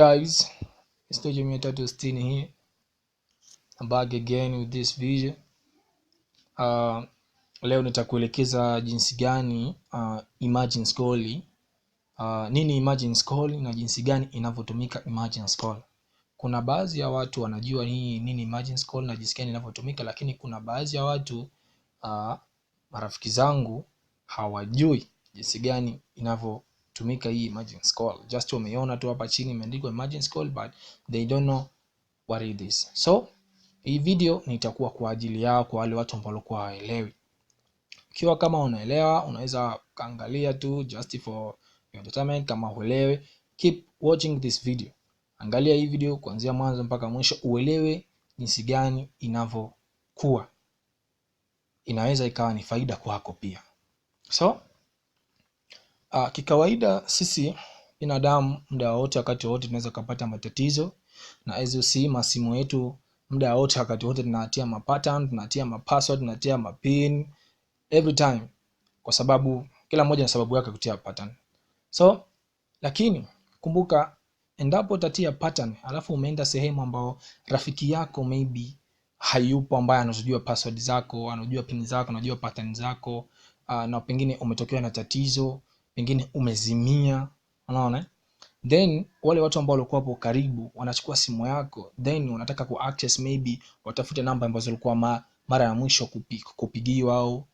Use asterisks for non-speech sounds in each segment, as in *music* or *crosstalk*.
guys stage mia tatu sitini hii I'm back again with this video uh, leo nitakuelekeza jinsi gani uh, imagine scroll uh, nini imagine scroll na jinsi gani inavyotumika imagine scroll kuna baadhi ya watu wanajua hii nini imagine scroll na jinsi gani inavyotumika lakini kuna baadhi ya watu uh, marafiki zangu hawajui jinsi gani inavyo kutumika hii emergency call just wameona tu hapa chini imeandikwa emergency call but they don't know what it is so hii video nitakuwa kwa ajili yao kwa wale watu ambao walikuwa hawaelewi ukiwa kama unaelewa unaweza kaangalia tu just for your entertainment kama huelewi keep watching this video angalia hii video kuanzia mwanzo mpaka mwisho uelewe jinsi gani inavyokuwa inaweza ikawa ni faida kwako pia so Ah, kikawaida sisi binadamu muda wote wakati wote tunaweza kupata matatizo na as you see masimu yetu muda wote wakati wote tunatia ma pattern, tunatia ma password, tunatia ma pin every time kwa sababu kila mmoja na sababu yake kutia pattern. So lakini kumbuka endapo utatia pattern alafu umeenda sehemu ambao rafiki yako maybe hayupo ambaye anajua password zako, anajua pin zako, anajua pattern zako uh, na pengine umetokewa na tatizo pengine umezimia, unaona then wale watu ambao walikuwa hapo karibu wanachukua simu yako, then wanataka ku access maybe watafute namba ambazo walikuwa ma, mara ya mwisho kupi, kupigiwa au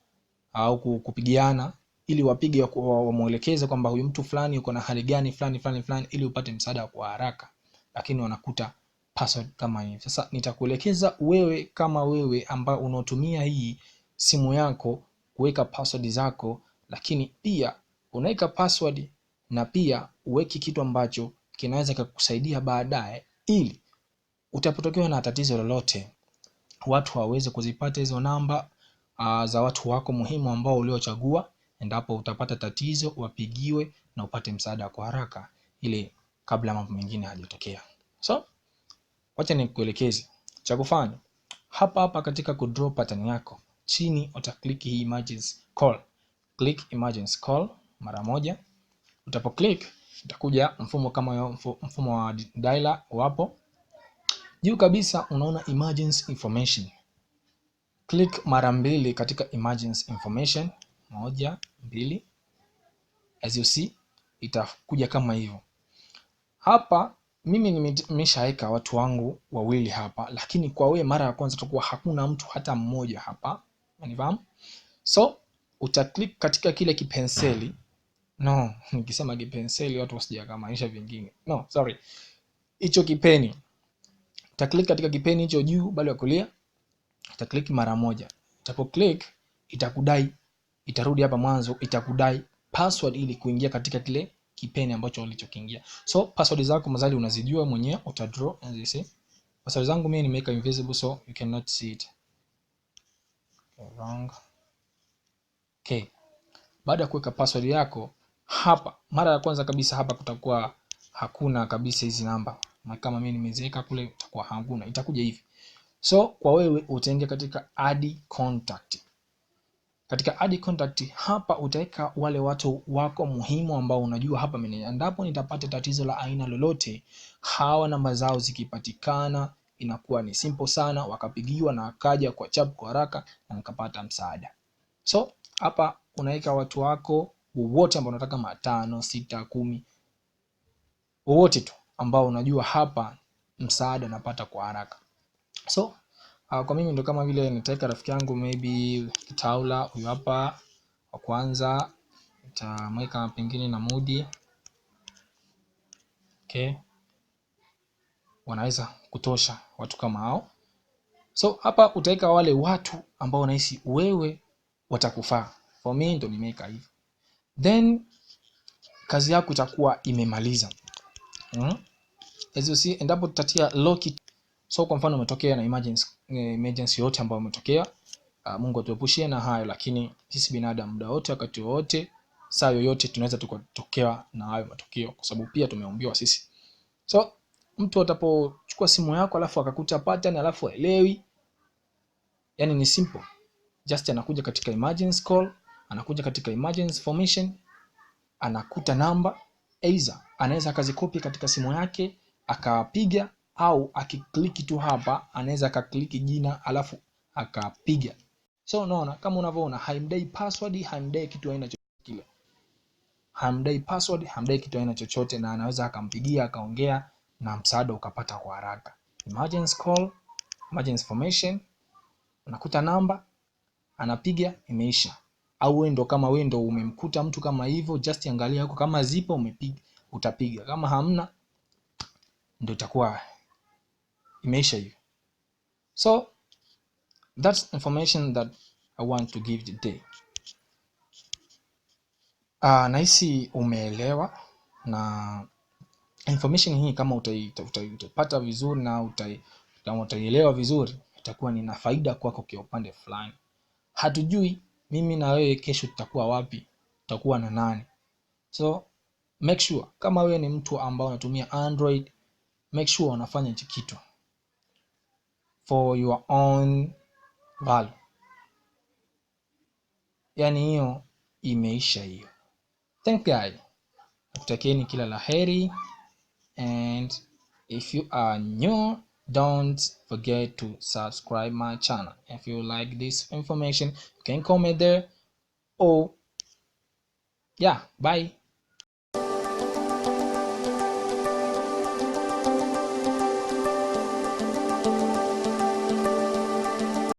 au kupigiana, ili wapige wamuelekeze kwamba huyu mtu fulani yuko na hali gani fulani fulani fulani, ili upate msaada kwa haraka, lakini wanakuta password kama hii. Sasa nitakuelekeza wewe kama wewe ambao unaotumia hii simu yako kuweka password zako, lakini pia unaweka password na pia uweke kitu ambacho kinaweza kikakusaidia baadaye, ili utapotokewa na tatizo lolote watu waweze kuzipata hizo namba uh, za watu wako muhimu ambao uliochagua, endapo utapata tatizo wapigiwe na upate msaada kwa haraka, ili kabla mambo mengine hajatokea. So wacha nikuelekeze cha kufanya hapa hapa katika kudraw pattern yako, chini uta click hii emergency call. Click emergency call mara moja. Utapo click utakuja mfumo kama mfumo wa dialer wapo juu kabisa, unaona emergency information. Click mara mbili katika emergency information, moja mbili, as you see itakuja kama hivyo. Hapa mimi nimeshaweka watu wangu wawili hapa, lakini kwa wewe mara ya kwanza tutakuwa hakuna mtu hata mmoja hapa, Unanifahamu? So uta click katika kile kipenseli No, *laughs* nikisema kipenseli watu wasijakamanisha vingine. No, sorry. Hicho kipeni. Utaklik katika kipeni hicho juu bali wa kulia. Utaklik mara moja. utapoklik itakudai, itarudi hapa mwanzo, itakudai password ili kuingia katika kile kipeni ambacho ulichokiingia. So password zako mazali unazijua mwenyewe, uta draw as you see. Password zangu mimi nimeweka invisible so you cannot see it. Wrong. Okay. Baada ya kuweka password yako hapa mara ya kwanza kabisa hapa kutakuwa hakuna kabisa hizi namba na kama mimi nimeziweka kule itakuwa hakuna itakuja hivi so kwa wewe utaingia katika add contact katika add contact hapa utaweka wale watu wako muhimu ambao unajua hapa mimi endapo nitapata tatizo la aina lolote hawa namba zao zikipatikana inakuwa ni simple sana wakapigiwa na akaja kwa chapu kwa haraka na nikapata msaada so hapa unaweka watu wako wowote ambao unataka matano sita kumi wowote tu ambao unajua hapa msaada napata kwa haraka so uh, kwa mimi ndo kama vile nitaweka rafiki yangu maybe kitaula huyu hapa wa kwanza nitamweka pengine na mudi okay wanaweza kutosha watu kama hao so hapa utaweka wale watu ambao unahisi wewe watakufaa for me ndo nimeweka hivyo then kazi yako itakuwa imemaliza mm? as you see endapo tutatia lock it. so kwa mfano umetokea na emergency, eh, emergency yote ambayo umetokea uh, Mungu atuepushie na hayo, lakini sisi binadamu muda wote, wakati wote saa yoyote tunaweza tukatokewa na hayo matukio, kwa sababu pia tumeumbiwa sisi. So mtu atapochukua simu yako alafu akakuta pattern alafu aelewi, yani ni simple, just anakuja katika emergency call anakuja katika emergency formation, anakuta namba aidha anaweza akazikopi katika simu yake akapiga, au akikliki tu hapa anaweza akakliki jina alafu akapiga. So unaona kama unavyoona, haimdai password, haimdai kitu aina chochote kile, haimdai password, haimdai kitu aina chochote, na anaweza akampigia akaongea na msaada ukapata kwa haraka. Emergency call, emergency formation, unakuta namba, anapiga, imeisha au wewe ndo kama wewe ndo umemkuta mtu kama hivyo, just angalia huko, kama zipo umepiga utapiga, kama hamna ndo itakuwa imeisha hiyo. So that's information that I want to give today. Uh, nahisi umeelewa na information hii kama utaipata uta, uta, uta vizuri na utaielewa uta vizuri itakuwa ni na faida kwako kwa upande fulani. Hatujui mimi na wewe kesho tutakuwa wapi tutakuwa na nani so make sure kama wewe ni mtu ambao unatumia android make sure unafanya hichi kitu for your own value yaani hiyo imeisha hiyo thank god nakutakieni kila la heri and if you are new don't forget to subscribe my channel if you like this information you can comment there Oh, yeah bye